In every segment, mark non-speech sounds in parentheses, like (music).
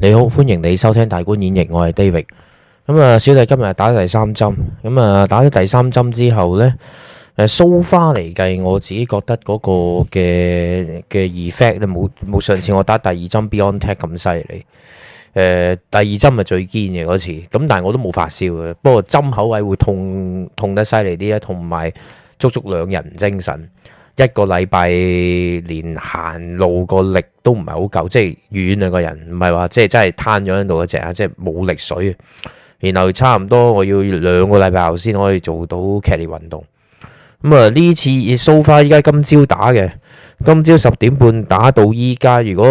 你好，歡迎你收聽大觀演繹，我係 David。咁、嗯、啊，小弟今日打咗第三針，咁啊打咗第三針之後呢，誒、呃，蘇花嚟計，我自己覺得嗰個嘅嘅 effect 冇冇上次我打第二針 Beyond Tech 咁犀利。誒、呃，第二針咪最堅嘅嗰次，咁但係我都冇發燒嘅，不過針口位會痛痛得犀利啲啊，同埋足足兩日唔精神。一個禮拜連行路個力都唔係好夠，即係遠兩個人，唔係話即係真係癱咗喺度嗰隻啊，即係冇力水。然後差唔多我要兩個禮拜後先可以做到劇烈運動。咁啊呢次蘇花依家今朝打嘅，今朝十點半打到依家。如果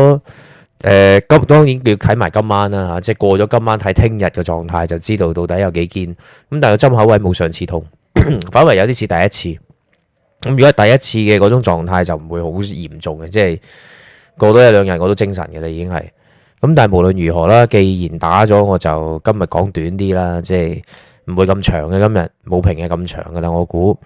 誒今、呃、當然要睇埋今晚啦吓，即係過咗今晚睇聽日嘅狀態就知道到底有幾堅。咁但係針口位冇上次痛， (coughs) 反而有啲似第一次。咁如果係第一次嘅嗰種狀態，就唔會好嚴重嘅，即係過多一兩日我都精神嘅啦，已經係。咁但係無論如何啦，既然打咗，我就今日講短啲啦，即係唔會咁長嘅。今日冇平日咁長嘅啦，我估。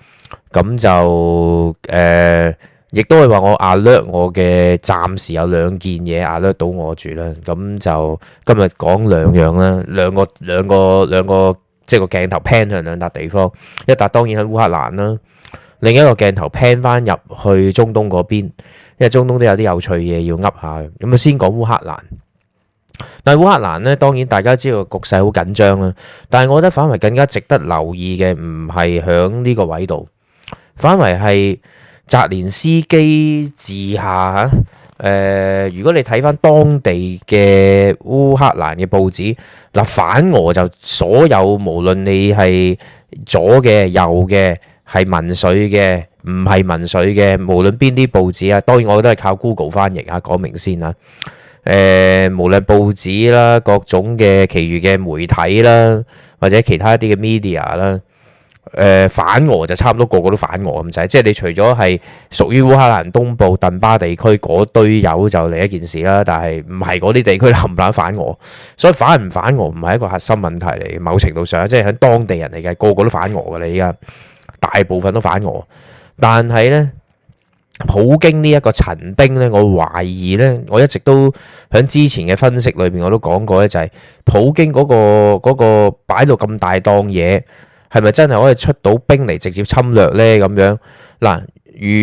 咁就誒，亦都係話我壓略我嘅，暫時有兩件嘢壓略到我住啦。咁就今日講兩樣啦，兩個兩個兩個，即係個鏡頭偏向兩笪地方，一笪當然喺烏克蘭啦。另一個鏡頭 pan 翻入去中東嗰邊，因為中東都有啲有趣嘢要噏下。咁啊，先講烏克蘭。但係烏克蘭呢，當然大家知道局勢好緊張啦。但係我覺得反為更加值得留意嘅，唔係響呢個位度，反為係澤連斯基治下嚇。誒、呃，如果你睇翻當地嘅烏克蘭嘅報紙，嗱，反俄就所有，無論你係左嘅右嘅。係民粹嘅，唔係民粹嘅。無論邊啲報紙啊，當然我都係靠 Google 翻譯啊，講明先啦。誒、呃，無論報紙啦，各種嘅其餘嘅媒體啦，或者其他一啲嘅 media 啦，誒、呃、反俄就差唔多個個都反俄咁滯。即係你除咗係屬於烏克蘭東部頓巴地區嗰堆友就嚟一件事啦，但係唔係嗰啲地區冚唪唥反俄，所以反唔反俄唔係一個核心問題嚟。某程度上即係喺當地人嚟嘅，個個都反俄㗎你而家。大部分都反俄，但係呢，普京呢一個陳兵呢，我懷疑呢，我一直都喺之前嘅分析裏面我都講過呢就係、是、普京嗰、那個嗰、那個擺到咁大檔嘢，係咪真係可以出到兵嚟，直接侵略呢？咁樣嗱，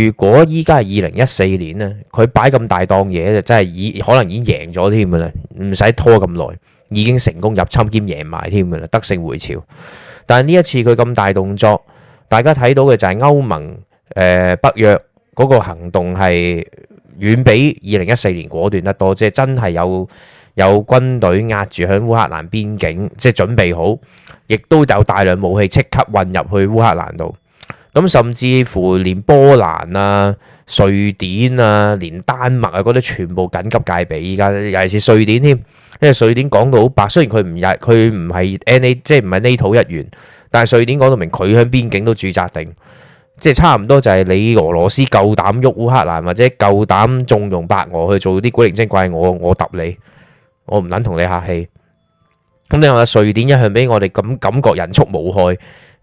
如果依家係二零一四年呢，佢擺咁大檔嘢就真係已可能已經贏咗添噶啦，唔使拖咁耐，已經成功入侵兼贏埋添噶啦，得勝回朝。但係呢一次佢咁大動作。大家睇到嘅就係歐盟、誒北約嗰個行動係遠比二零一四年果斷得多，即係真係有有軍隊壓住喺烏克蘭邊境，即係準備好，亦都有大量武器即刻運入去烏克蘭度。咁甚至乎連波蘭啊、瑞典啊、連丹麥啊嗰啲全部緊急戒備。而家尤其是瑞典添，因為瑞典講到好白，雖然佢唔係，佢唔係 NATO，即係唔係 NATO 一員。但係瑞典講到明，佢響邊境都駐紮定，即係差唔多就係你俄羅斯夠膽喐烏克蘭，或者夠膽縱容白俄去做啲古靈精怪，我我揼你，我唔捻同你客氣。咁你話瑞典一向俾我哋咁感覺人畜無害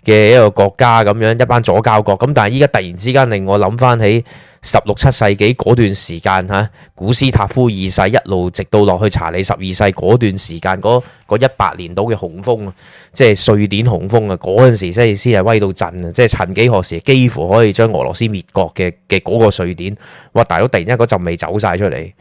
嘅一個國家咁樣一班左膠國，咁但係依家突然之間令我諗翻起。十六七世紀嗰段時間嚇，古斯塔夫二世一路直到落去查理十二世嗰段時間，嗰一百年度嘅雄風，即係瑞典雄風啊！嗰陣時先係威到震啊！即係曾幾何時，幾乎可以將俄羅斯滅國嘅嘅嗰個瑞典，哇！大佬突然間嗰陣味走晒出嚟。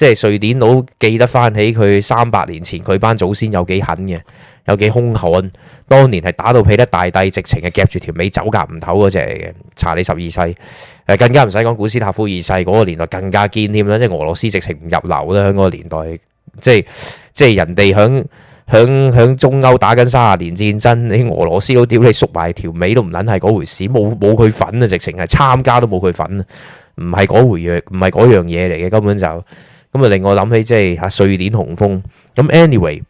即係瑞典佬記得翻起佢三百年前佢班祖先有幾狠嘅，有幾兇悍。當年係打到彼得大帝直情係夾住條尾走夾唔唞嗰隻嘅。查理十二世誒更加唔使講，古斯塔夫二世嗰個年代更加堅添啦。即係俄羅斯直情唔入流啦。喺嗰個年代，即係即係人哋響響響中歐打緊三十年戰爭，你俄羅斯好屌你縮埋條尾都唔撚係嗰回事，冇冇佢份啊！直情係參加都冇佢份啊！唔係嗰回嘢，唔係嗰樣嘢嚟嘅，根本就。咁啊，令我諗起即係嚇瑞典雄風。咁 anyway，誒、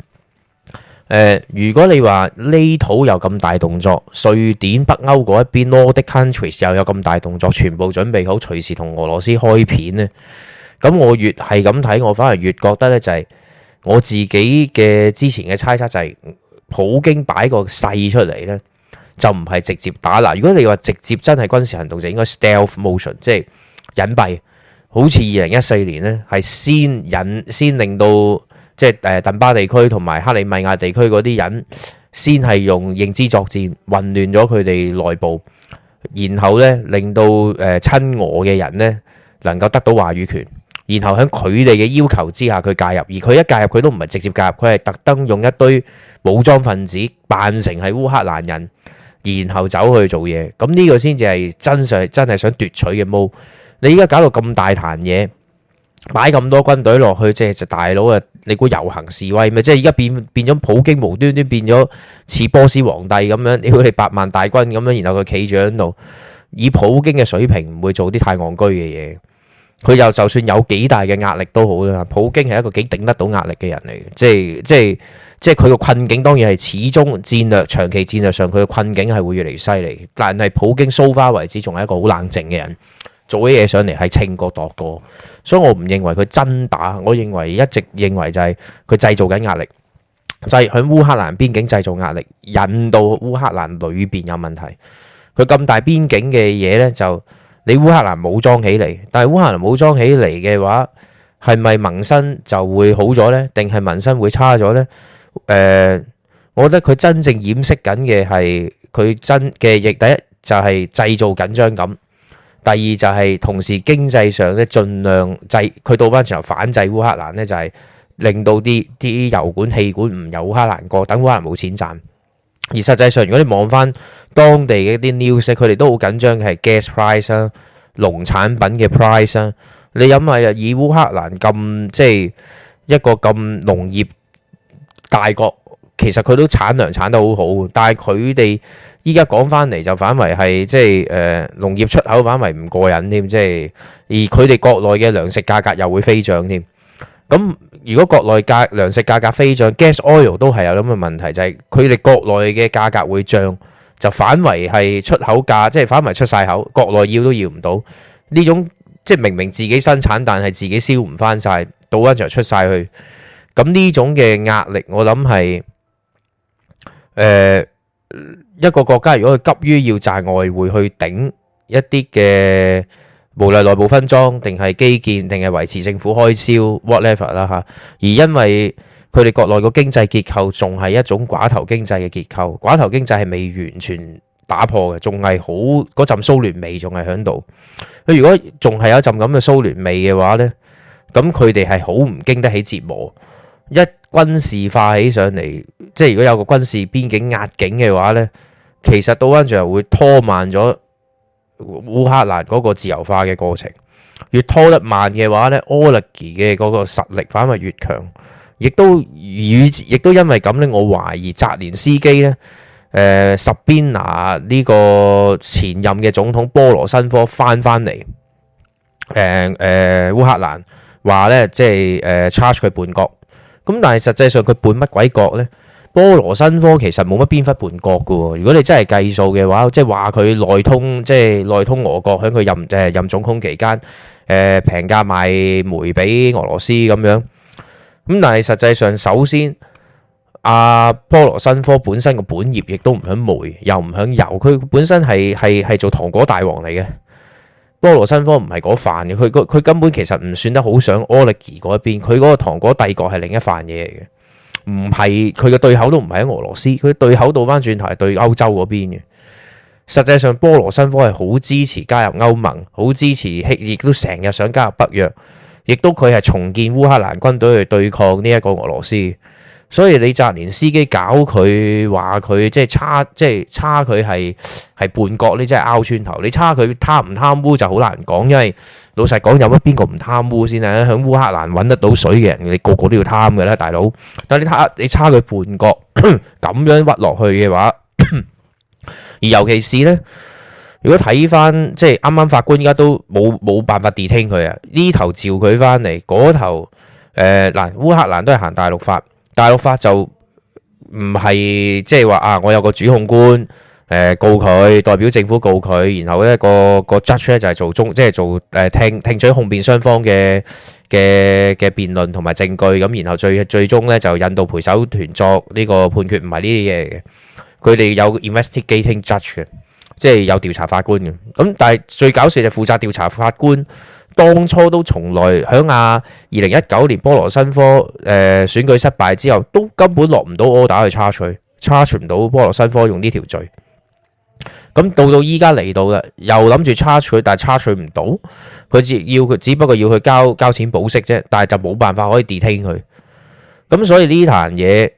呃，如果你話呢土有咁大動作，瑞典北歐嗰一邊 all the countries 又有咁大動作，全部準備好隨時同俄羅斯開片呢，咁我越係咁睇，我反而越覺得呢就係我自己嘅之前嘅猜測就係，普京擺個勢出嚟呢，就唔係直接打嗱。如果你話直接真係軍事行動，就應該 stealth motion，即係隱蔽。好似二零一四年呢，係先引先令到即係誒頓巴地區同埋克里米亞地區嗰啲人，先係用認知作戰混亂咗佢哋內部，然後呢，令到誒親俄嘅人呢，能夠得到話語權，然後喺佢哋嘅要求之下佢介入，而佢一介入佢都唔係直接介入，佢係特登用一堆武裝分子扮成係烏克蘭人，然後走去做嘢，咁、這、呢個先至係真實真係想奪取嘅毛。你而家搞到咁大壇嘢，擺咁多軍隊落去，即係就大佬啊！你估遊行示威咩？即係而家變變咗普京無端端變咗似波斯皇帝咁樣，屌你百萬大軍咁樣，然後佢企住喺度。以普京嘅水平，唔會做啲太戇居嘅嘢。佢就就算有幾大嘅壓力都好啦，普京係一個幾頂得到壓力嘅人嚟嘅，即係即係即係佢個困境當然係始終戰略長期戰略上佢嘅困境係會越嚟越犀利，但係普京蘇花為止，仲係一個好冷靜嘅人。做啲嘢上嚟係稱過度過，所以我唔認為佢真打，我認為一直認為就係佢製造緊壓力，就係喺烏克蘭邊境製造壓力，引到烏克蘭裏邊有問題。佢咁大邊境嘅嘢呢，就你烏克蘭武裝起嚟，但係烏克蘭武裝起嚟嘅話，係咪民生就會好咗呢？定係民生會差咗呢？誒、呃，我覺得佢真正掩飾緊嘅係佢真嘅，亦第一就係、是、製造緊張感。第二就係同時經濟上咧，盡量制佢到翻轉頭反制烏克蘭咧，就係令到啲啲油管氣管唔由烏克蘭過，等烏克蘭冇錢賺。而實際上，如果你望翻當地嘅啲 news，佢哋都好緊張嘅，係 gas price 啦、農產品嘅 price 啦。你諗下啊，以烏克蘭咁即係一個咁農業大國，其實佢都產糧產得好好，但係佢哋。依家講翻嚟就反為係即係誒農業出口反為唔過癮添，即係而佢哋國內嘅糧食價格又會飛漲添。咁如果國內價糧食價格飛漲，gas oil 都係有咁嘅問題，就係佢哋國內嘅價格會漲，就反為係出口價，即係反為出曬口，國內要都要唔到呢種即係明明自己生產，但係自己燒唔翻曬，倒翻場出曬去，咁呢種嘅壓力我諗係誒。一個國家如果佢急於要賺外匯去頂一啲嘅，無論內部分贓定係基建定係維持政府開銷，whatever 啦吓，而因為佢哋國內個經濟結構仲係一種寡頭經濟嘅結構，寡頭經濟係未完全打破嘅，仲係好嗰陣蘇聯味仲係喺度。佢如果仲係有陣咁嘅蘇聯味嘅話呢，咁佢哋係好唔經得起折磨。一軍事化起上嚟，即係如果有個軍事邊境壓境嘅話咧，其實到跟住會拖慢咗烏克蘭嗰個自由化嘅過程。越拖得慢嘅話咧，oligarch 嘅嗰個實力反而越強，亦都與亦都因為咁咧，我懷疑澤連斯基咧，誒、呃，什賓拿呢個前任嘅總統波羅申科翻翻嚟，誒、呃、誒、呃，烏克蘭話咧，即係誒、呃，charge 佢叛國。咁但係實際上佢叛乜鬼國呢？波羅申科其實冇乜邊忽叛國㗎喎。如果你真係計數嘅話，即係話佢內通，即係內通俄國喺佢任誒任總統期間誒平價買煤俾俄羅斯咁樣。咁但係實際上，首先阿波羅申科本身個本業亦都唔響煤，又唔響油，佢本身係係係做糖果大王嚟嘅。波羅申科唔係嗰範嘅，佢佢根本其實唔算得好想 Oligi 嗰一邊，佢嗰個糖果帝國係另一範嘢嚟嘅，唔係，佢嘅對口都唔係喺俄羅斯，佢對口倒翻轉頭係對歐洲嗰邊嘅。實際上波羅申科係好支持加入歐盟，好支持，亦都成日想加入北約，亦都佢係重建烏克蘭軍隊去對抗呢一個俄羅斯。所以你澤連司機搞佢話佢即係差，即係差佢係係叛國呢？即係拗穿頭，你差佢貪唔貪污就好難講，因為老實講有乜邊個唔貪污先啊？喺烏克蘭揾得到水嘅人，你個個都要貪嘅啦，大佬。但係你差你差佢叛國咁 (coughs) 樣屈落去嘅話， (coughs) 而尤其是呢，如果睇翻即係啱啱法官而家都冇冇辦法 detain 佢啊？呢、那個、頭召佢翻嚟，嗰頭誒嗱烏克蘭都係行大陸法。大陸法就唔係即係話啊，我有個主控官，誒、呃、告佢，代表政府告佢，然後咧個個 judge 咧就係做中即係做誒、呃、聽聽取控辯雙方嘅嘅嘅辯論同埋證據，咁然後最最終咧就引導陪審團作呢、這個判決，唔係呢啲嘢嘅，佢哋有 investigating judge 嘅，即係有調查法官嘅，咁但係最搞笑就負責調查法官。當初都從來響阿二零一九年波羅申科誒選舉失敗之後，都根本落唔到柯打去差取，差取唔到波羅申科用呢條罪。咁到到依家嚟到啦，又諗住差取，但係差取唔到，佢只要佢只不過要去交交錢保釋啫，但係就冇辦法可以 detain 佢。咁所以呢壇嘢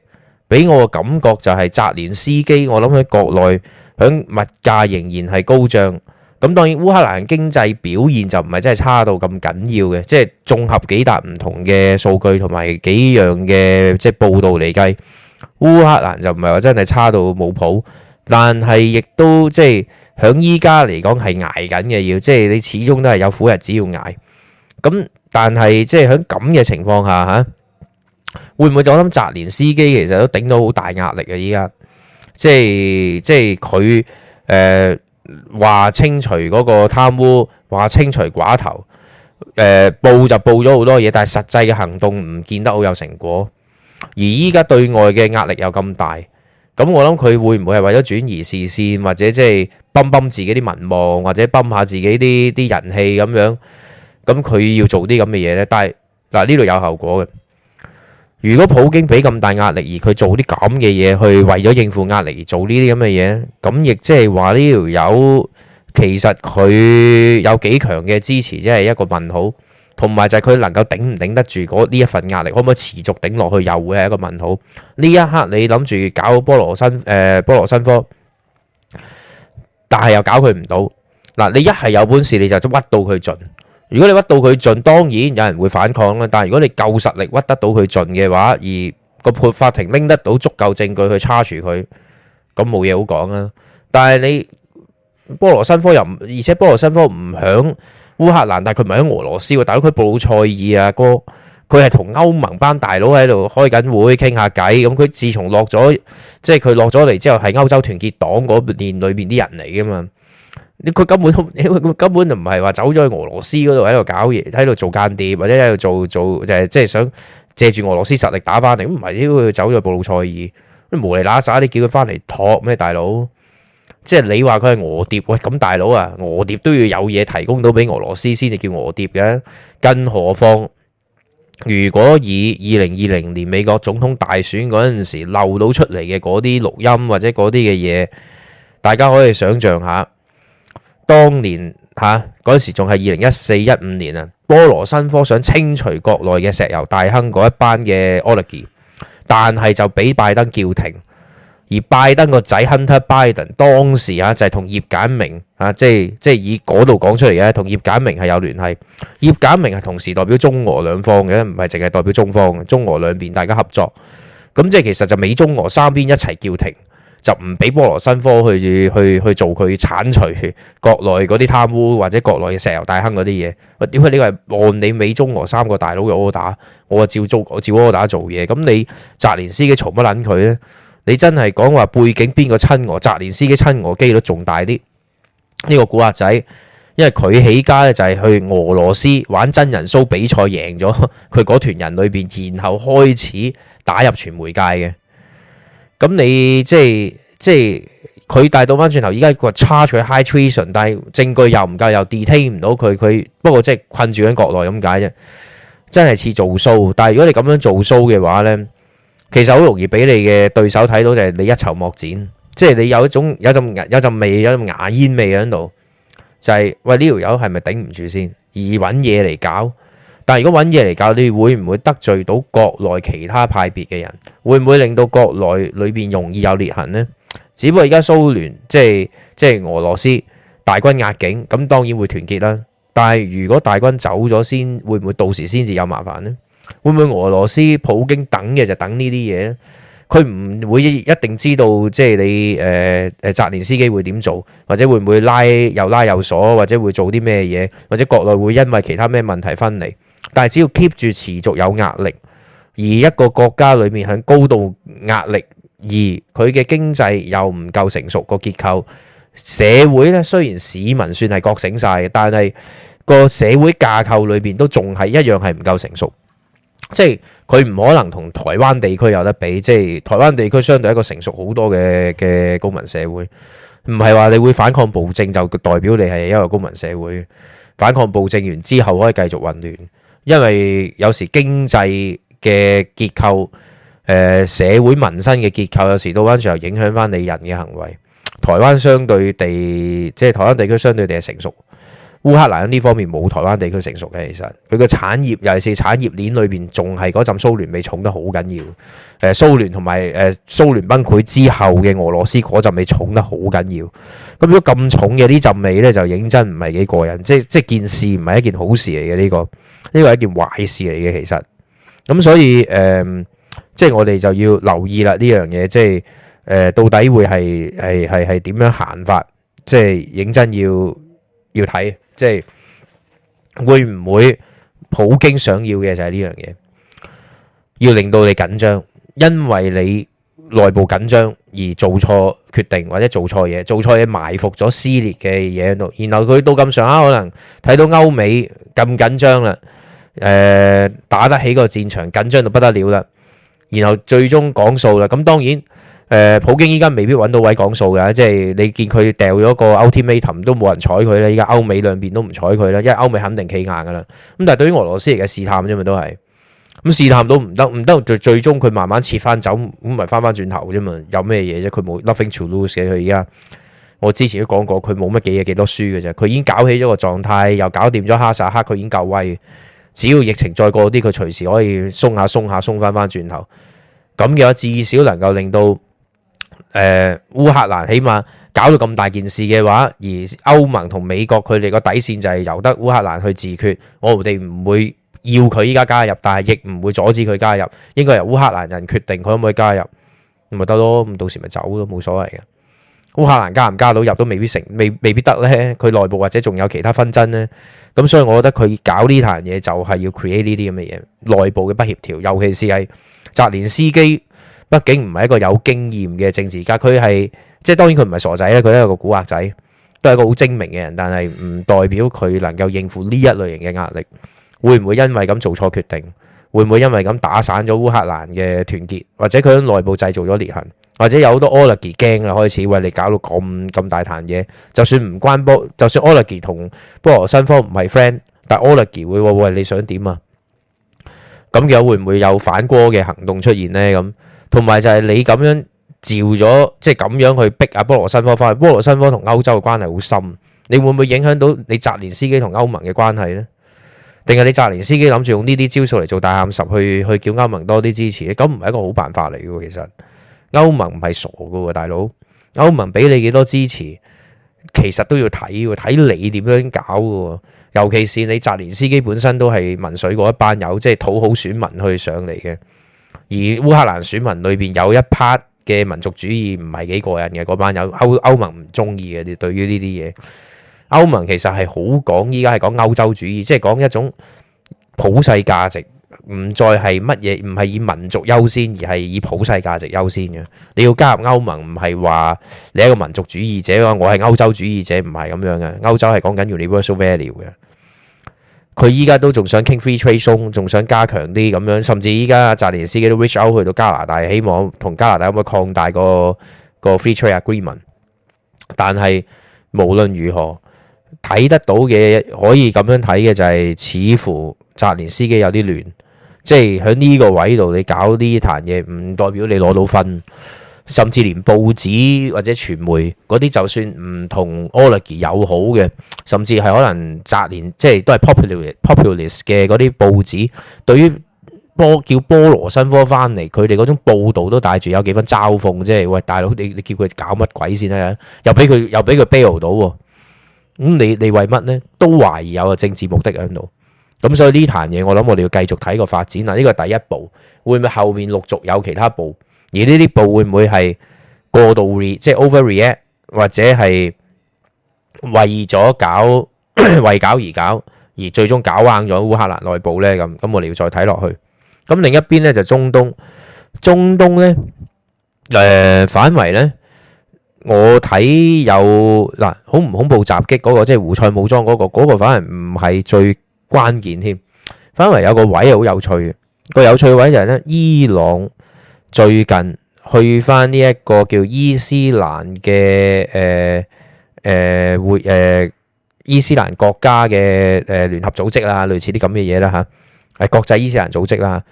俾我嘅感覺就係澤連斯基，我諗喺國內響物價仍然係高漲，咁當然，烏克蘭經濟表現就唔係真係差到咁緊要嘅，即係綜合幾大唔同嘅數據同埋幾樣嘅即係報道嚟計，烏克蘭就唔係話真係差到冇譜，但係亦都即係響依家嚟講係捱緊嘅，要即係你始終都係有苦日子要捱。咁但係即係響咁嘅情況下嚇，會唔會就我諗澤連斯基其實都頂到好大壓力啊？依家即係即係佢誒。話清除嗰個貪污，話清除寡頭，誒、呃、報就報咗好多嘢，但係實際嘅行動唔見得好有成果，而依家對外嘅壓力又咁大，咁我諗佢會唔會係為咗轉移視線，或者即係泵泵自己啲民望，或者泵下自己啲啲人氣咁樣，咁佢要做啲咁嘅嘢呢？但係嗱，呢度有效果嘅。如果普京俾咁大壓力，而佢做啲咁嘅嘢，去為咗應付壓力而做呢啲咁嘅嘢，咁亦即係話呢條友其實佢有幾強嘅支持，即係一個問號。同埋就係佢能夠頂唔頂得住嗰呢一份壓力，可唔可以持續頂落去，又會係一個問號。呢一刻你諗住搞波羅申誒、呃、波羅申科，但係又搞佢唔到。嗱，你一係有本事你就屈到佢盡。如果你屈到佢盡，當然有人會反抗啦。但係如果你夠實力屈得到佢盡嘅話，而個判法庭拎得到足夠證據去叉住佢，咁冇嘢好講啊。但係你波羅申科又唔，而且波羅申科唔響烏克蘭，但係佢唔係喺俄羅斯喎。大佬佢布魯塞爾啊哥，佢係同歐盟班大佬喺度開緊會傾下偈。咁佢自從落咗，即係佢落咗嚟之後，係歐洲團結黨嗰邊裏邊啲人嚟噶嘛。佢根本都，根本就唔係話走咗去俄羅斯嗰度喺度搞嘢，喺度做間諜，或者喺度做做即係、就係、想借住俄羅斯實力打翻嚟，唔係屌佢走咗布魯塞爾，都無釐喇撒你叫佢翻嚟托咩大佬？即係你話佢係俄諜喂？咁大佬啊，俄諜都要有嘢提供到俾俄羅斯先至叫俄諜嘅，更何況如果以二零二零年美國總統大選嗰陣時漏到出嚟嘅嗰啲錄音或者嗰啲嘅嘢，大家可以想象下。當年吓嗰時仲係二零一四一五年啊，波羅申科想清除國內嘅石油大亨嗰一班嘅 Oligi，但係就俾拜登叫停。而拜登個仔 Hunter Biden 當時啊就係同葉簡明啊，即係即係以嗰度講出嚟嘅，同葉簡明係有聯繫。葉簡明係同時代表中俄兩方嘅，唔係淨係代表中方嘅，中俄兩邊大家合作。咁即係其實就美中俄三邊一齊叫停。就唔俾波羅申科去去去做佢剷除國內嗰啲貪污或者國內嘅石油大亨嗰啲嘢。點解呢個係按你美中俄三個大佬嘅柯打，我啊照做，我照柯打做嘢。咁你澤連斯基嘈乜撚佢咧？你真係講話背景邊個親俄？澤連斯基親俄機率仲大啲。呢個古惑仔，因為佢起家咧就係去俄羅斯玩真人 show 比賽贏咗佢嗰團人裏邊，然後開始打入傳媒界嘅。咁你即係即係佢帶到翻轉頭，依家佢話 charge high treason，e 但係證據又唔夠，又 detain 唔到佢，佢不，不過即係困住喺國內咁解啫，真係似做 show。但係如果你咁樣做 show 嘅話咧，其實好容易俾你嘅對手睇到，就係你一籌莫展，即係你有一種有陣有陣味，有陣牙煙味喺度，就係、是、喂呢條友係咪頂唔住先，易揾嘢嚟搞。但係如果揾嘢嚟搞，你會唔會得罪到國內其他派別嘅人？會唔會令到國內裏邊容易有裂痕呢？只不過而家蘇聯即係即係俄羅斯大軍壓境，咁當然會團結啦。但係如果大軍走咗先，會唔會到時先至有麻煩呢？會唔會俄羅斯普京等嘅就等呢啲嘢咧？佢唔會一定知道即係你誒誒澤連斯基會點做，或者會唔會拉又拉又鎖，或者會做啲咩嘢，或者國內會因為其他咩問題分離。但係只要 keep 住持續有壓力，而一個國家裏面響高度壓力，而佢嘅經濟又唔夠成熟，個結構，社會咧雖然市民算係覺醒晒，但係個社會架構裏邊都仲係一樣，係唔夠成熟，即係佢唔可能同台灣地區有得比，即係台灣地區相對一個成熟好多嘅嘅公民社會，唔係話你會反抗暴政就代表你係一個公民社會，反抗暴政完之後可以繼續混亂。因為有時經濟嘅結構，誒、呃、社會民生嘅結構，有時到翻上又影響翻你人嘅行為。台灣相對地，即係台灣地區相對地係成熟。烏克蘭呢方面冇台灣地區成熟嘅，其實佢個產業尤其係產業鏈裏邊，仲係嗰陣蘇聯味重得好緊要。誒、蘇聯同埋誒、蘇聯崩潰之後嘅俄羅斯嗰陣味重得好緊要。咁、嗯、如果咁重嘅呢陣味咧，就認真唔係幾過癮，即係即係件事唔係一件好事嚟嘅呢個。呢個係一件壞事嚟嘅，其實，咁所以，誒、呃，即係我哋就要留意啦，呢樣嘢，即係，誒、呃，到底會係係係係點樣行法？即係認真要要睇，即係會唔會普京想要嘅就係呢樣嘢，要令到你緊張，因為你。內部緊張而做錯決定或者做錯嘢，做錯嘢埋伏咗撕裂嘅嘢喺度。然後佢到咁上下，可能睇到歐美咁緊張啦，誒、呃、打得起個戰場，緊張到不得了啦。然後最終講數啦。咁當然誒、呃，普京依家未必揾到位講數㗎，即係你見佢掉咗個 ultimatum 都冇人睬佢啦。依家歐美兩邊都唔睬佢啦，因為歐美肯定企硬㗎啦。咁但係對於俄羅斯嚟嘅試探啫嘛，都係。咁試探到唔得，唔得就最終佢慢慢撤翻走，咁咪翻翻轉頭嘅啫嘛？有咩嘢啫？佢冇 nothing to lose 嘅。佢而家我之前都講過，佢冇乜幾嘢幾多輸嘅啫。佢已經搞起咗個狀態，又搞掂咗哈薩克，佢已經夠威。只要疫情再過啲，佢隨時可以鬆下鬆下，鬆翻翻轉頭。咁嘅話，至少能夠令到誒烏克蘭起碼搞到咁大件事嘅話，而歐盟同美國佢哋個底線就係由得烏克蘭去自決，我哋唔會。要佢依家加入，但係亦唔會阻止佢加入。應該由烏克蘭人決定佢可唔可以加入，咪得咯。咁到時咪走咯，冇所謂嘅。烏克蘭加唔加到入都未必成，未未必得咧。佢內部或者仲有其他紛爭咧。咁所以我覺得佢搞呢壇嘢就係要 create 呢啲咁嘅嘢內部嘅不協調，尤其是係澤連斯基，畢竟唔係一個有經驗嘅政治家。佢係即係當然佢唔係傻仔咧，佢都係個古惑仔，都係個好精明嘅人，但係唔代表佢能夠應付呢一類型嘅壓力。會唔會因為咁做錯決定？會唔會因為咁打散咗烏克蘭嘅團結？或者佢喺內部製造咗裂痕？或者有好多 oligarch 驚啦，開始喂，你搞到咁咁大壇嘢。就算唔關波，就算 oligarch 同波羅申科唔係 friend，但 oligarch 會喂喂，你想點啊？咁又會唔會有反波嘅行動出現呢？咁同埋就係你咁樣召咗，即係咁樣去逼阿波羅申科翻去。波羅申科同歐洲嘅關係好深，你會唔會影響到你澤連斯基同歐盟嘅關係呢？定係你澤連斯基諗住用呢啲招數嚟做大喊十去去叫歐盟多啲支持咧？咁唔係一個好辦法嚟嘅。其實歐盟唔係傻嘅，大佬，歐盟俾你幾多支持，其實都要睇，睇你點樣搞嘅。尤其是你澤連斯基本身都係民粹嗰一班友，即係討好選民去上嚟嘅。而烏克蘭選民裏邊有一 part 嘅民族主義唔係幾過癮嘅，嗰班友，歐歐盟唔中意嘅，你對於呢啲嘢。歐盟其實係好講，依家係講歐洲主義，即係講一種普世價值，唔再係乜嘢，唔係以民族優先，而係以普世價值優先嘅。你要加入歐盟，唔係話你一個民族主義者，我係歐洲主義者，唔係咁樣嘅。歐洲係講緊 universal value 嘅。佢依家都仲想傾 free trade zone，仲想加強啲咁樣，甚至依家啊，澤連斯基都 reach out 去到加拿大，希望同加拿大可唔可以擴大個個 free trade agreement。但係無論如何，睇得到嘅可以咁樣睇嘅就係、是，似乎澤連斯基有啲亂，即係喺呢個位度你搞呢壇嘢，唔代表你攞到分，甚至連報紙或者傳媒嗰啲，就算唔同 Oleg 友好嘅，甚至係可能澤連即係都係 popular populist 嘅嗰啲報紙，對於波叫波羅申科翻嚟，佢哋嗰種報道都帶住有幾分嘲諷，即係喂，大佬，你你叫佢搞乜鬼先啊？又俾佢又俾佢 bail 到。咁你你為乜咧？都懷疑有個政治目的喺度，咁所以呢壇嘢我諗我哋要繼續睇個發展啊！呢個第一步會唔會後面陸續有其他步？而呢啲步會唔會係過度 re 即係 overreact 或者係為咗搞為搞而搞，而最終搞硬咗烏克蘭內部咧？咁咁我哋要再睇落去。咁另一邊咧就中東，中東咧誒範圍咧。我睇有嗱，好、啊、恐唔恐怖襲擊嗰、那個，即係胡塞武裝嗰、那個，嗰、那個反而唔係最關鍵添。反而有個位係好有趣嘅，個有趣位就係咧，伊朗最近去翻呢一個叫伊斯蘭嘅誒誒會誒、呃、伊斯蘭國家嘅誒聯合組織啦，類似啲咁嘅嘢啦嚇，係國際伊斯蘭組織啦。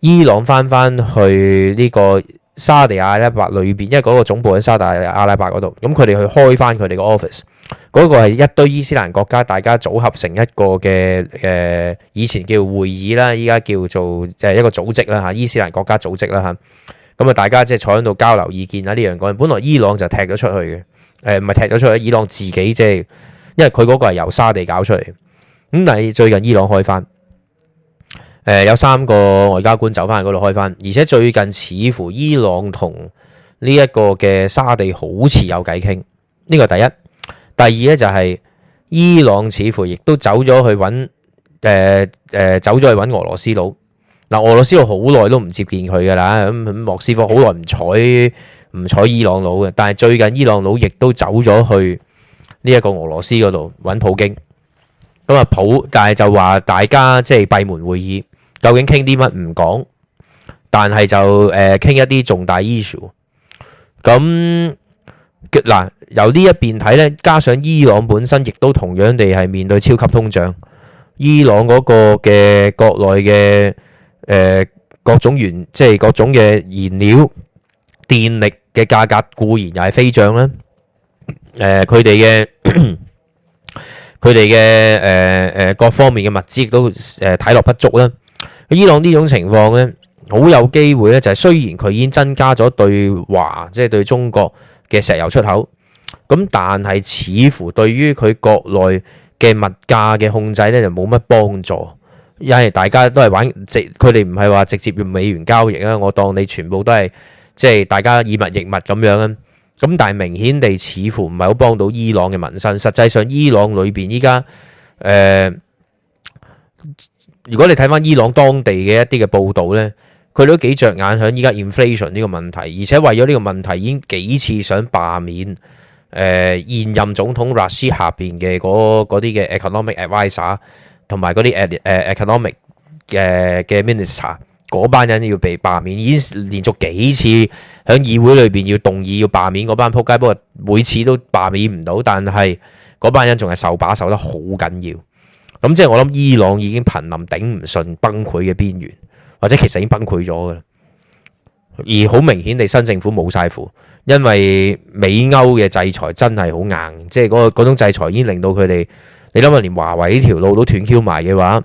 伊朗翻翻去呢、這個。沙地阿拉伯裏邊，因為嗰個總部喺沙地阿拉伯嗰度，咁佢哋去開返佢哋個 office，嗰個係一堆伊斯蘭國家大家組合成一個嘅誒，以前叫會議啦，依家叫做就係一個組織啦嚇，伊斯蘭國家組織啦嚇，咁啊大家即係坐喺度交流意見啦呢樣嗰樣。本來伊朗就踢咗出去嘅，誒唔係踢咗出去，伊朗自己即係，因為佢嗰個係由沙地搞出嚟，咁但係最近伊朗開返。誒、呃，有三個外交官走翻去嗰度開翻，而且最近似乎伊朗同呢一個嘅沙地好似有偈傾，呢個第一。第二咧就係伊朗似乎亦都走咗去搵，誒、呃、誒、呃，走咗去搵俄羅斯佬。嗱，俄羅斯佬好耐都唔接見佢噶啦，咁咁，莫斯科好耐唔睬唔睬伊朗佬嘅。但係最近伊朗佬亦都走咗去呢一個俄羅斯嗰度搵普京。咁啊，普，但係就話大家即係閉門會議。究竟傾啲乜唔講，但係就誒傾一啲重大 issue。咁嗱，由呢一邊睇咧，加上伊朗本身亦都同樣地係面對超級通脹，伊朗嗰個嘅國內嘅誒各種原即係各種嘅燃料、電力嘅價格固然又係飛漲啦。誒，佢哋嘅佢哋嘅誒誒各方面嘅物資亦都誒睇落不足啦。伊朗呢種情況咧，好有機會咧，就係雖然佢已經增加咗對華即係、就是、對中國嘅石油出口，咁但係似乎對於佢國內嘅物價嘅控制咧，就冇乜幫助，因為大家都係玩直，佢哋唔係話直接用美元交易啊，我當你全部都係即係大家以物易物咁樣啊。咁但係明顯地似乎唔係好幫到伊朗嘅民生。實際上，伊朗裏邊依家誒。呃如果你睇翻伊朗當地嘅一啲嘅報道呢，佢都幾着眼喺依家 inflation 呢個問題，而且為咗呢個問題已經幾次想罷免誒現任總統拉希下邊嘅嗰啲嘅 economic adviser 同埋嗰啲誒 economic 誒嘅 minister 嗰班人，要被罷免，已經連續幾次喺議會裏邊要動議要罷免嗰班撲街，不過每次都罷免唔到，但係嗰班人仲係守把守得好緊要。咁即係我諗，伊朗已經瀕臨頂唔順、崩潰嘅邊緣，或者其實已經崩潰咗噶啦。而好明顯，你新政府冇晒符，因為美歐嘅制裁真係好硬，即係嗰個種制裁已經令到佢哋，你諗下連華為呢條路都斷 Q 埋嘅話，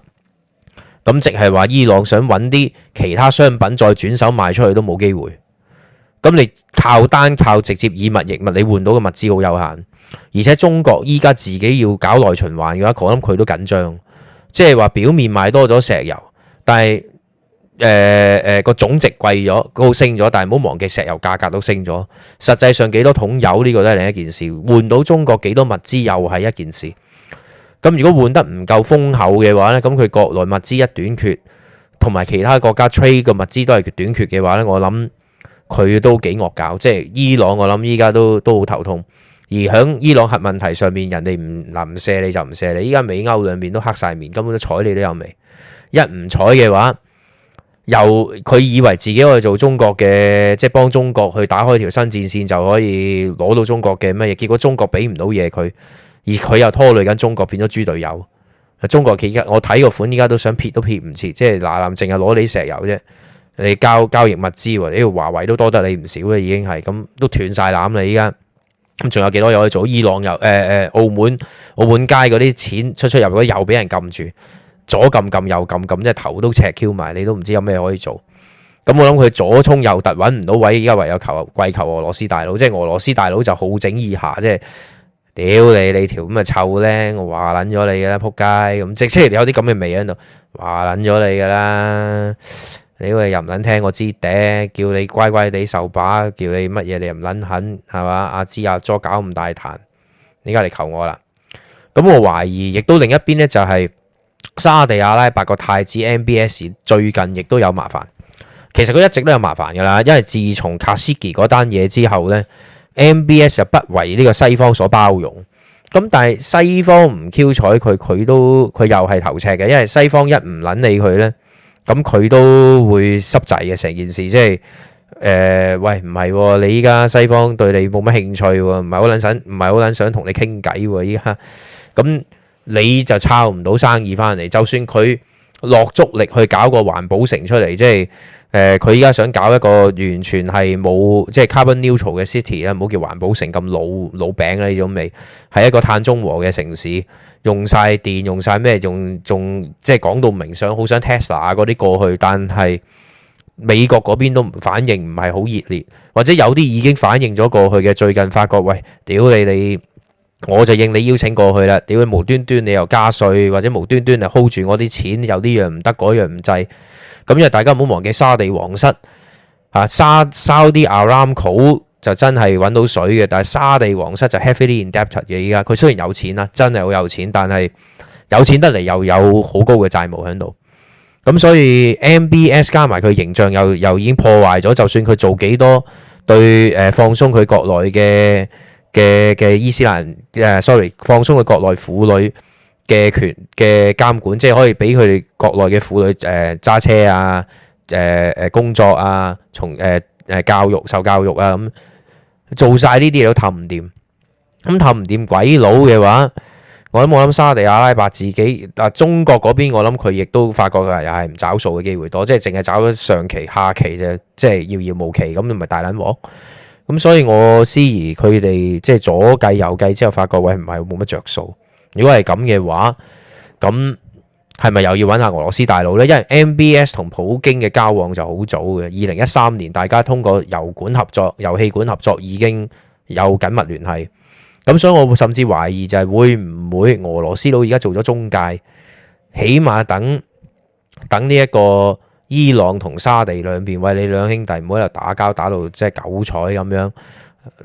咁即係話伊朗想搵啲其他商品再轉手賣出去都冇機會。咁你靠單靠直接以物易物，你換到嘅物資好有限。而且中國依家自己要搞內循環嘅話，我諗佢都緊張，即係話表面買多咗石油，但係誒誒個總值貴咗，高升咗，但係唔好忘記石油價格都升咗。實際上幾多桶油呢個都係另一件事，換到中國幾多物資又係一件事。咁如果換得唔夠豐厚嘅話咧，咁佢國內物資一短缺，同埋其他國家吹嘅物資都係短缺嘅話咧，我諗佢都幾惡搞，即係伊朗我諗依家都都好頭痛。而喺伊朗核問題上面，人哋唔撚射你就唔射你。依家美歐兩面都黑晒面，根本都睬你都有味。一唔睬嘅話，又佢以為自己可以做中國嘅，即係幫中國去打開條新戰線就可以攞到中國嘅乜嘢？結果中國俾唔到嘢佢，而佢又拖累緊中國，變咗豬隊友。中國企依家我睇個款，依家都想撇都撇唔切，即係嗱嗱淨係攞你石油啫。你交交易物資喎，你華為都多得你唔少啦，已經係咁都斷晒纜啦，依家。咁仲有幾多嘢可以做？伊朗又誒誒、呃、澳門澳門街嗰啲錢出出入入又俾人撳住，左撳撳右撳撳，即係頭都赤 Q 埋，你都唔知有咩可以做。咁、嗯、我諗佢左衝右突，揾唔到位，而家唯有求跪求俄羅斯大佬，即係俄羅斯大佬就好整以下，即係屌你你條咁嘅臭靚，我話撚咗你㗎啦，撲街咁，即係有啲咁嘅味喺度，話撚咗你噶啦。你喂又唔捻聽我知嗲，叫你乖乖地受把，叫你乜嘢你又唔捻肯，係嘛？阿芝阿佐搞咁大壇，而家嚟求我啦。咁我懷疑，亦都另一邊呢、就是，就係沙地阿拉伯個太子 MBS 最近亦都有麻煩。其實佢一直都有麻煩㗎啦，因為自從卡斯基嗰單嘢之後呢，MBS 就不為呢個西方所包容。咁但係西方唔 Q 睬佢，佢都佢又係頭赤嘅，因為西方一唔捻理佢呢。咁佢都會濕滯嘅成件事、就是，即係誒喂，唔係，喎，你依家西方對你冇乜興趣喎，唔係好撚想，唔係好撚想同你傾偈喎依家，咁你就抄唔到生意翻嚟，就算佢。落足力去搞個環保城出嚟，即係誒佢依家想搞一個完全係冇即係 carbon neutral 嘅 city 啦，唔好叫環保城咁老老餅啦，呢種味係一個碳中和嘅城市，用晒電，用晒咩，用仲即係講到明想，想好想 Tesla 嗰啲過去，但係美國嗰邊都反應唔係好熱烈，或者有啲已經反應咗過去嘅，最近發覺喂，屌你你！你」我就應你邀請過去啦，點會無端端你又加稅，或者無端端嚟 hold 住我啲錢，又呢樣唔得，嗰樣唔制。咁因為大家唔好忘記沙地皇室啊，沙燒啲 Aramco 就真係揾到水嘅，但係沙地皇室就 heavily indebted 嘅。依家佢雖然有錢啦，真係好有錢，但係有錢得嚟又有好高嘅債務喺度。咁所以 MBS 加埋佢形象又又已經破壞咗，就算佢做幾多對誒放鬆佢國內嘅。嘅嘅伊斯蘭誒，sorry，放鬆佢國內婦女嘅權嘅監管，即係可以俾佢哋國內嘅婦女誒揸、呃、車啊，誒、呃、誒工作啊，從誒誒、呃、教育受教育啊咁、嗯，做晒呢啲嘢都氹唔掂，咁氹唔掂鬼佬嘅話，我諗我諗沙地阿拉伯自己，但中國嗰邊我諗佢亦都發覺佢係又係唔找數嘅機會多，即係淨係找咗上期下期啫，即係遙遙無期咁，唔係大撚鑊。咁所以我思疑佢哋即係左計右計之後，發覺喂，唔係冇乜着數。如果係咁嘅話，咁係咪又要揾下俄羅斯大佬呢？因為 MBS 同普京嘅交往就好早嘅，二零一三年大家通過油管合作、油氣管合作已經有緊密聯繫。咁所以我甚至懷疑就係會唔會俄羅斯佬而家做咗中介，起碼等等呢、這、一個。伊朗同沙地兩邊，喂你兩兄弟唔好喺度打交，打到即係九彩咁樣。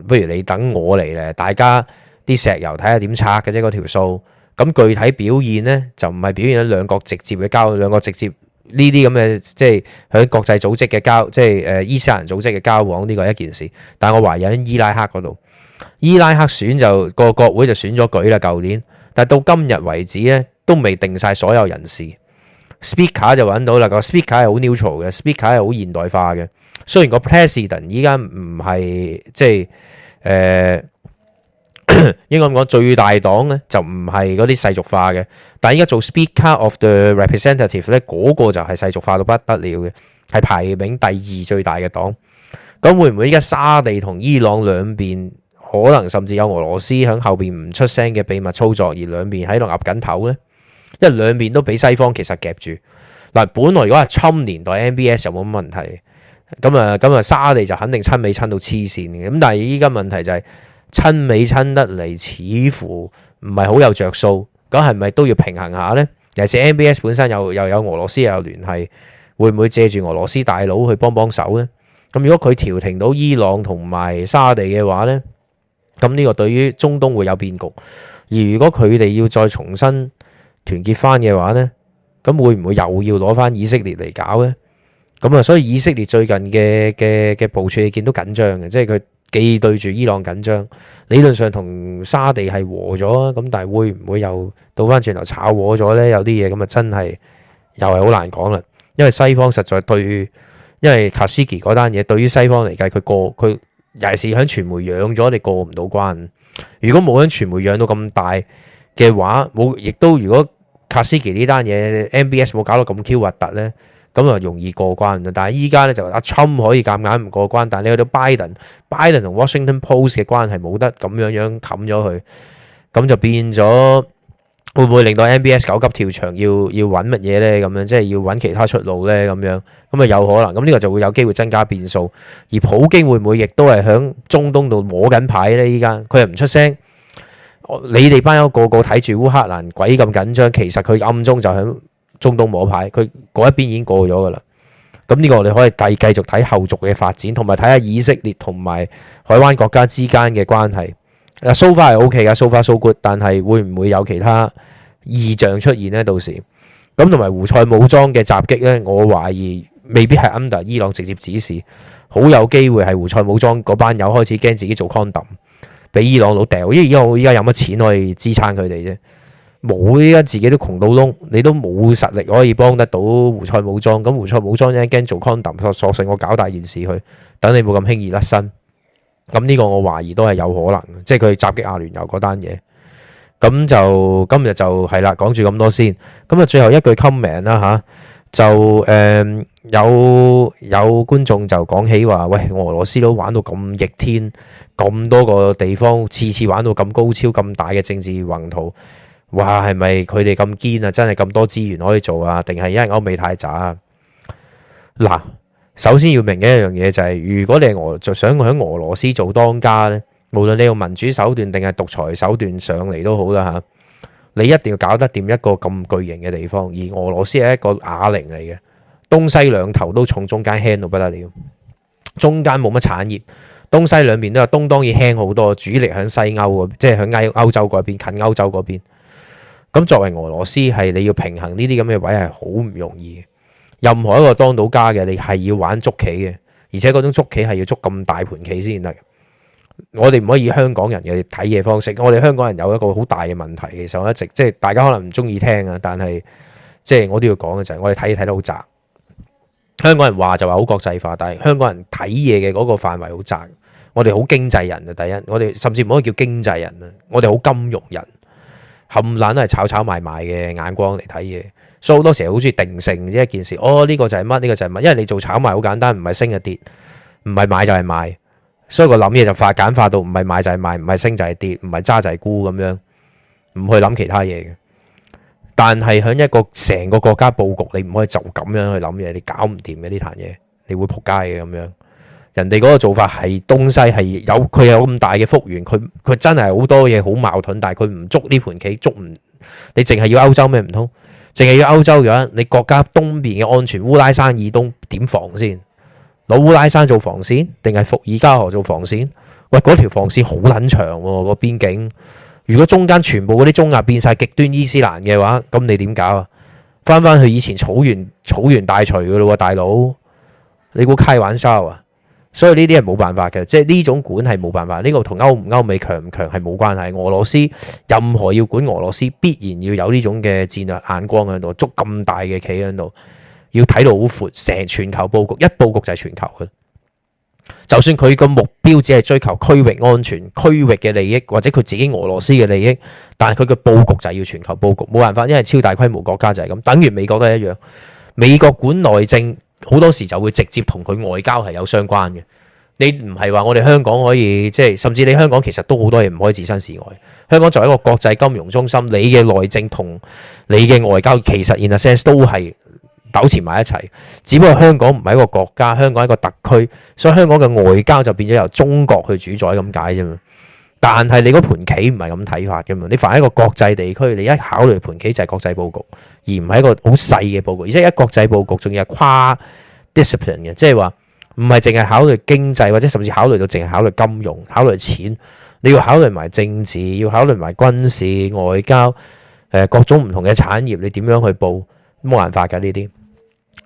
不如你等我嚟咧，大家啲石油睇下點拆嘅啫，嗰條數。咁具體表現呢，就唔係表現咗兩國直接嘅交，兩個直接呢啲咁嘅，即係喺國際組織嘅交，即係誒伊斯蘭組織嘅交往呢個一件事。但係我懷疑喺伊拉克嗰度，伊拉克選就個國會就選咗舉啦，舊年，但係到今日為止呢，都未定晒所有人士。Speaker 就揾到啦，個 Speaker 係好 neutral 嘅，Speaker 係好現代化嘅。雖然個 President 依家唔係即係誒、呃、 (coughs) 應該咁講最大黨咧，就唔係嗰啲世俗化嘅。但係依家做 Speaker of the Representative 咧，嗰個就係世俗化到不得了嘅，係排名第二最大嘅黨。咁會唔會依家沙地同伊朗兩邊可能甚至有俄羅斯響後邊唔出聲嘅秘密操作，而兩邊喺度壓緊頭咧？一兩面都俾西方其實夾住嗱。本來如果係侵年代，MBS 又冇乜問題咁啊，咁啊沙地就肯定親美親到黐線嘅咁。但係依家問題就係親美親得嚟，似乎唔係好有着數咁，係咪都要平衡下呢？尤其是 MBS 本身又又有俄羅斯又有聯繫，會唔會借住俄羅斯大佬去幫幫手呢？咁如果佢調停到伊朗同埋沙地嘅話呢，咁呢個對於中東會有變局。而如果佢哋要再重新，團結翻嘅話呢，咁會唔會又要攞翻以色列嚟搞呢？咁啊，所以以色列最近嘅嘅嘅部署，你見到緊張嘅，即係佢既對住伊朗緊張。理論上同沙地係和咗啊，咁但係會唔會又倒翻轉頭炒和咗呢？有啲嘢咁啊，真係又係好難講啦。因為西方實在對，因為卡斯基嗰單嘢對於西方嚟計，佢過佢尤其是響傳媒養咗，你過唔到關。如果冇響傳媒養到咁大。嘅話冇，亦都如果卡斯基惹惹呢單嘢 MBS 冇搞到咁 Q 核突咧，咁啊容易過關。但係依家咧就阿 Trump 可以夾硬唔過關，但係你去到 Biden，Biden 同 Washington Post 嘅關係冇得咁樣樣冚咗佢，咁就變咗會唔會令到 MBS 狗急跳牆要，要呢要揾乜嘢咧？咁樣即係要揾其他出路咧？咁樣咁啊有可能？咁呢個就會有機會增加變數。而普京會唔會亦都係喺中東度摸緊牌咧？依家佢又唔出聲。你哋班友個個睇住烏克蘭鬼咁緊張，其實佢暗中就喺中東摸牌，佢嗰一邊已經過咗噶啦。咁呢個我哋可以繼繼續睇後續嘅發展，同埋睇下以色列同埋海灣國家之間嘅關係。so far 係 OK 噶，so far so good，但係會唔會有其他異象出現呢？到時咁同埋胡塞武裝嘅襲擊呢，我懷疑未必係 under 伊朗直接指示，好有機會係胡塞武裝嗰班友開始驚自己做 condom。俾伊朗佬掉，因為依家我依家有乜錢可以支撐佢哋啫？冇依家自己都窮到窿，你都冇實力可以幫得到胡塞武裝。咁胡塞武裝咧驚做 condom，索索性我搞大件事佢，等你冇咁輕易甩身。咁呢個我懷疑都係有可能，即係佢襲擊阿聯酋嗰單嘢。咁就今日就係啦，講住咁多先。咁啊，最後一句 comment 啦吓。就誒、呃，有有觀眾就講起話，喂，俄羅斯佬玩到咁逆天，咁多個地方次次玩到咁高超，咁大嘅政治宏圖，哇，係咪佢哋咁堅啊？真係咁多資源可以做啊？定係因為歐美太渣啊？嗱，首先要明嘅一樣嘢就係、是，如果你係俄就想喺俄羅斯做當家咧，無論你用民主手段定係獨裁手段上嚟都好啦吓。你一定要搞得掂一個咁巨型嘅地方，而俄羅斯係一個啞鈴嚟嘅，東西兩頭都從中間輕到不得了，中間冇乜產業，東西兩邊都係東當然輕好多，主力響西歐，即係響歐洲嗰邊，近歐洲嗰邊。咁作為俄羅斯，係你要平衡呢啲咁嘅位係好唔容易，任何一個當到家嘅你係要玩捉棋嘅，而且嗰種捉棋係要捉咁大盤棋先得。我哋唔可以香港人嘅睇嘢方式。我哋香港人有一個好大嘅問題，其實我一直即係大家可能唔中意聽啊，但係即係我都要講嘅就係我哋睇嘢睇得好窄。香港人話就話好國際化，但係香港人睇嘢嘅嗰個範圍好窄。我哋好經濟人啊，第一，我哋甚至唔可以叫經濟人啊，我哋好金融人，冚唪唥都係炒炒賣賣嘅眼光嚟,睇嘢，所以好多時候好中意定性一件事。哦，呢個就係乜？呢個就係乜？因為你做炒賣好簡單，唔係升就跌，唔係買就係賣。所以佢諗嘢就快簡化到唔係買就係賣，唔係升就係跌，唔係揸就係沽咁樣，唔去諗其他嘢嘅。但係響一個成個國家佈局，你唔可以就咁樣去諗嘢，你搞唔掂嘅呢壇嘢，你會仆街嘅咁樣。人哋嗰個做法係東西係有佢有咁大嘅復原，佢佢真係好多嘢好矛盾，但係佢唔捉呢盤棋捉唔，你淨係要歐洲咩唔通？淨係要歐洲嘅，你國家東邊嘅安全烏拉山以東點防先？老烏拉山做防線定係伏爾加河做防線？喂，嗰條防線好撚長喎，啊，個邊境。如果中間全部嗰啲中亞變晒極端伊斯蘭嘅話，咁你點搞啊？翻翻去以前草原草原大除噶咯，大佬，你估開玩笑啊？所以呢啲係冇辦法嘅，即係呢種管係冇辦法。呢、呢個同歐唔歐美強唔強係冇關係。俄羅斯任何要管俄羅斯，必然要有呢種嘅戰略眼光喺度，捉咁大嘅棋喺度。要睇到好闊，成全球佈局，一佈局就係全球嘅。就算佢個目標只係追求區域安全、區域嘅利益或者佢自己俄羅斯嘅利益，但係佢嘅佈局就係要全球佈局。冇辦法，因為超大規模國家就係咁，等於美國都係一樣。美國管內政好多時就會直接同佢外交係有相關嘅。你唔係話我哋香港可以即係，甚至你香港其實都好多嘢唔可以置身事外。香港作為一個國際金融中心，你嘅內政同你嘅外交其實 in a sense 都係糾纏埋一齊，只不過香港唔係一個國家，香港係一個特區，所以香港嘅外交就變咗由中國去主宰咁解啫嘛。但係你嗰盤棋唔係咁睇法㗎嘛，你凡係一個國際地區，你一考慮盤棋就係國際佈局，而唔係一個好細嘅佈局。而且一國際佈局仲要係跨 discipline 嘅，即係話唔係淨係考慮經濟，或者甚至考慮到淨係考慮金融、考慮錢，你要考慮埋政治，要考慮埋軍事、外交，誒各種唔同嘅產業，你點樣去佈？冇辦法㗎，呢啲。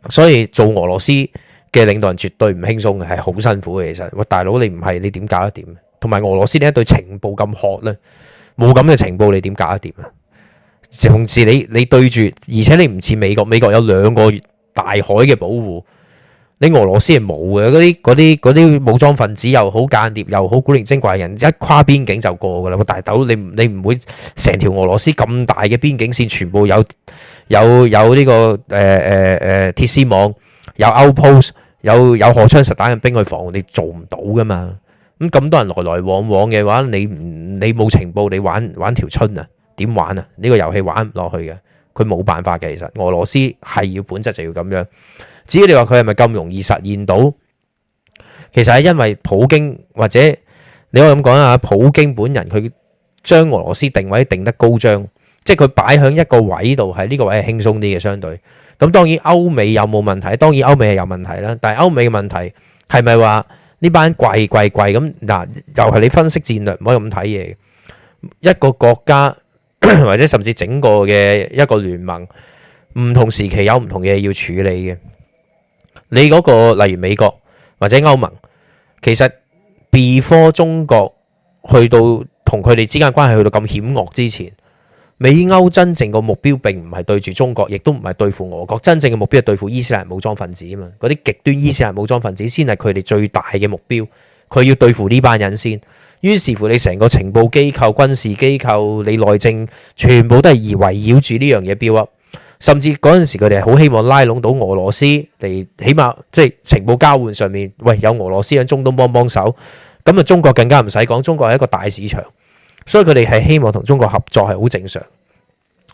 所以做俄羅斯嘅領導人絕對唔輕鬆嘅，係好辛苦嘅。其實喂，大佬你唔係你點搞得掂？同埋俄羅斯你一對情報咁渴咧，冇咁嘅情報你點搞得掂啊？同時你你對住，而且你唔似美國，美國有兩個大海嘅保護，你俄羅斯係冇嘅。嗰啲嗰啲啲武裝分子又好間諜又好古靈精怪嘅人，一跨邊境就過噶啦。大佬你你唔會成條俄羅斯咁大嘅邊境線全部有？有有呢個誒誒誒鐵絲網，有 outpost，有有荷槍實彈嘅兵去防，你做唔到噶嘛？咁咁多人來來往往嘅話，你你冇情報，你玩玩條春啊？點玩啊？呢個遊戲玩唔落去嘅，佢冇辦法嘅。其實俄羅斯係要本質就要咁樣。至於你話佢係咪咁容易實現到？其實係因為普京或者你可以咁講啊，普京本人佢將俄羅斯定位定得高張。即係佢擺喺一個位度，喺、這、呢個位係輕鬆啲嘅相對。咁當然歐美有冇問題？當然歐美係有問題啦。但係歐美嘅問題係咪話呢班貴貴貴咁嗱？又係你分析戰略唔可以咁睇嘢嘅。一個國家或者甚至整個嘅一個聯盟，唔同時期有唔同嘢要處理嘅。你嗰、那個例如美國或者歐盟，其實 before 中國去到同佢哋之間關係去到咁險惡之前。美歐真正個目標並唔係對住中國，亦都唔係對付俄國。真正嘅目標係對付伊斯蘭武裝分子啊嘛，嗰啲極端伊斯蘭武裝分子先係佢哋最大嘅目標。佢要對付呢班人先，於是乎你成個情報機構、軍事機構、你內政全部都係而圍繞住呢樣嘢標。甚至嗰陣時佢哋係好希望拉攏到俄羅斯嚟，起碼即係情報交換上面，喂有俄羅斯喺中東幫幫手。咁啊，中國更加唔使講，中國係一個大市場。所以佢哋係希望同中國合作係好正常，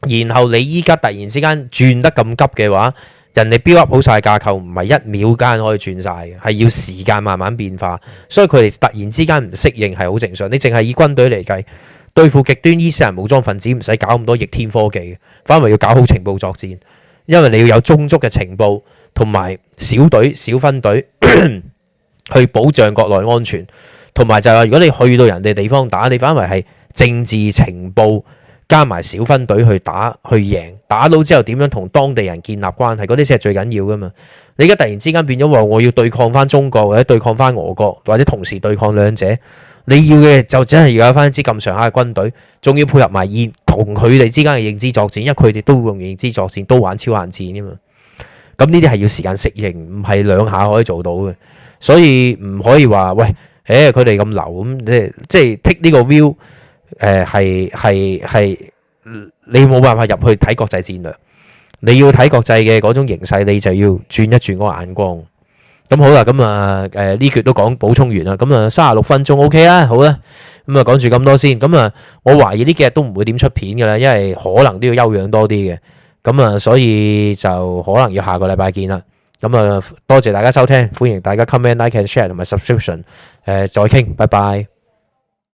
然後你依家突然之間轉得咁急嘅話，人哋 build up 好晒架構，唔係一秒間可以轉晒嘅，係要時間慢慢變化。所以佢哋突然之間唔適應係好正常。你淨係以軍隊嚟計，對付極端伊斯蘭武裝分子唔使搞咁多逆天科技嘅，反為要搞好情報作戰，因為你要有充足嘅情報同埋小隊、小分隊 (coughs) 去保障國內安全，同埋就係話如果你去到人哋地方打，你反為係。政治情報加埋小分隊去打，去贏，打到之後，點樣同當地人建立關係？嗰啲先係最緊要噶嘛。你而家突然之間變咗話，我要對抗翻中國或者對抗翻俄國，或者同時對抗兩者，你要嘅就只係要有翻一支咁上下嘅軍隊，仲要配合埋同佢哋之間嘅認知作戰，因為佢哋都會用認知作戰，都玩超限戰啊嘛。咁呢啲係要時間適應，唔係兩下可以做到嘅，所以唔可以話喂，誒佢哋咁流咁即係即係 take 呢個 view。誒，係係係，你冇辦法入去睇國際戰略，你要睇國際嘅嗰種形勢，你就要轉一轉個眼光。咁好啦，咁、嗯、啊，誒呢句都講補充完啦，咁啊三十六分鐘 OK 啦，好啦，咁啊講住咁多先，咁、嗯、啊我懷疑呢幾日都唔會點出片噶啦，因為可能都要休養多啲嘅，咁、嗯、啊所以就可能要下個禮拜見啦。咁、嗯、啊多謝大家收聽，歡迎大家 comment、like and share 同埋 subscription，誒再傾，拜拜。